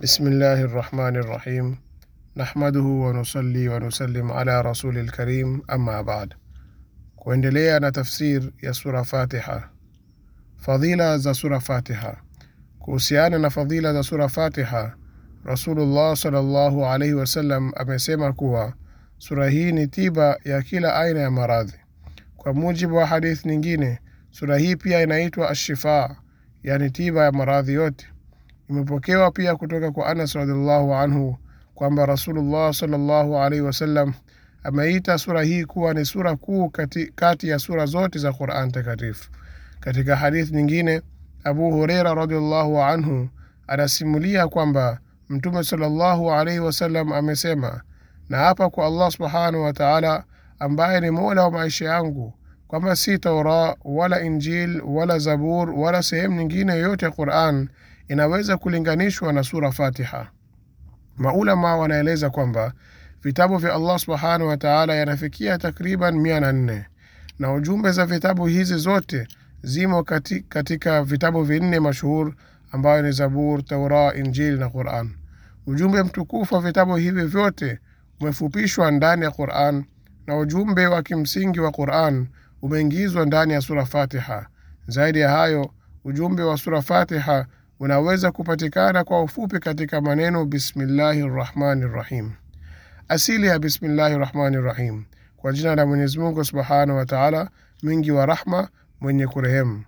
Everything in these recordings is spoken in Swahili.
بسم rahmani rahim nahmaduhu نحمده ونصلي ونسلم rasuli lkarim الكريم أما kuendelea na tafsir ya sura Fatiha. Fadhila za sura Fatiha. Kuhusiana na fadhila za sura Fatiha, Rasulullah sallallahu alaihi wasallam amesema kuwa sura hii ni tiba ya kila aina ya maradhi. Kwa mujibu wa hadithi nyingine, sura hii pia inaitwa Ashifa, yani tiba ya maradhi yote imepokewa pia kutoka kwa anas radiallahu anhu kwamba rasulullah salllahu alaihi wasallam ameita sura hii kuwa ni sura kuu kati, kati ya sura zote za quran takatifu katika hadithi nyingine abu hureira radiallahu anhu anasimulia kwamba mtume salllahu alaihi wasallam amesema na hapa kwa allah subhanahu wa taala ambaye ni mola wa maisha yangu kwamba si taura wala injil wala zabur wala sehemu nyingine yoyote ya quran inaweza kulinganishwa na sura Fatiha. Maulama wanaeleza kwamba vitabu vya Allah subhanahu wa taala yanafikia takriban mia na nne na ujumbe za vitabu hizi zote zimo katika, katika vitabu vinne mashuhur ambayo ni Zabur, Taura, Injil na Quran. Ujumbe mtukufu wa vitabu hivi vyote umefupishwa ndani ya Quran na ujumbe wa kimsingi wa Quran umeingizwa ndani ya sura Fatiha. Zaidi ya hayo, ujumbe wa sura Fatiha unaweza kupatikana kwa ufupi katika maneno bismillahi rahmani rahim. Asili ya bismillahi rahmani rahim, kwa jina la Mwenyezi Mungu subhanahu wa taala, mwingi wa rahma, mwenye kurehemu.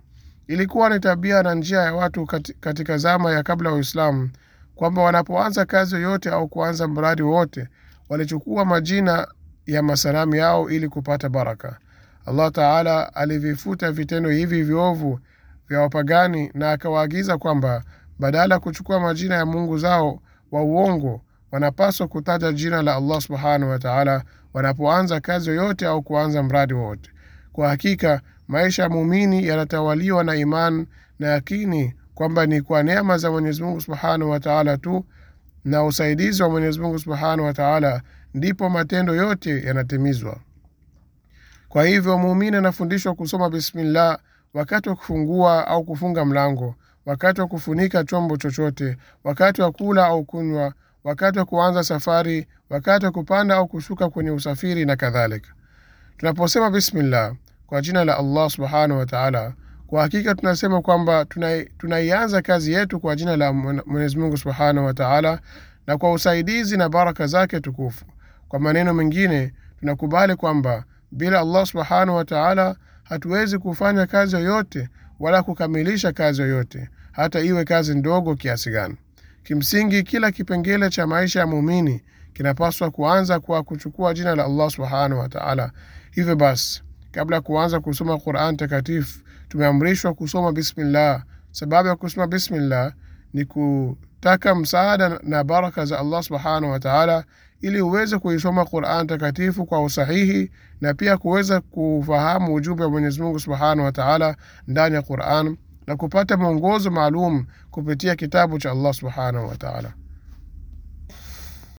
Ilikuwa ni tabia na njia ya watu katika zama ya kabla ya Uislamu kwamba wanapoanza kazi yoyote au kuanza mradi wowote walichukua majina ya masanamu yao ili kupata baraka. Allah taala alivifuta vitendo hivi viovu vya wapagani na akawaagiza kwamba badala ya kuchukua majina ya mungu zao wa uongo wanapaswa kutaja jina la allah subhanahu taala wanapoanza kazi yoyote au kuanza mradi wowote kwa hakika maisha ya muumini yanatawaliwa na iman na yakini kwamba ni kwa neema za mwenyezimungu subhanahu taala tu na usaidizi wa mwenyezimungu subhanahu taala ndipo matendo yote yanatimizwa kwa hivyo muumini anafundishwa kusoma bismillah wakati wa kufungua au kufunga mlango, wakati wa kufunika chombo chochote, wakati wa kula au kunywa, wakati wa kuanza safari, wakati wa kupanda au kushuka kwenye usafiri na kadhalika. Tunaposema bismillah kwa jina la Allah subhanahu wa taala, kwa hakika tunasema kwamba tunaianza kazi yetu kwa jina la Mwenyezi Mungu subhanahu wa taala na kwa usaidizi na baraka zake tukufu. Kwa maneno mengine, tunakubali kwamba bila Allah subhanahu wa taala hatuwezi kufanya kazi yoyote wala kukamilisha kazi yoyote hata iwe kazi ndogo kiasi gani kimsingi kila kipengele cha maisha ya muumini kinapaswa kuanza kwa kuchukua jina la allah subhanahu wa taala. hivyo basi kabla ya kuanza kusoma quran takatifu tumeamrishwa kusoma bismillah sababu ya kusoma bismillah ni kutaka msaada na baraka za allah subhanahu wa taala ili uweze kuisoma Quran takatifu kwa usahihi na pia kuweza kufahamu ujumbe wa Mwenyezi Mungu subhanahu wa taala ndani ya Quran na kupata mwongozo maalum kupitia kitabu cha Allah subhanahu wa taala.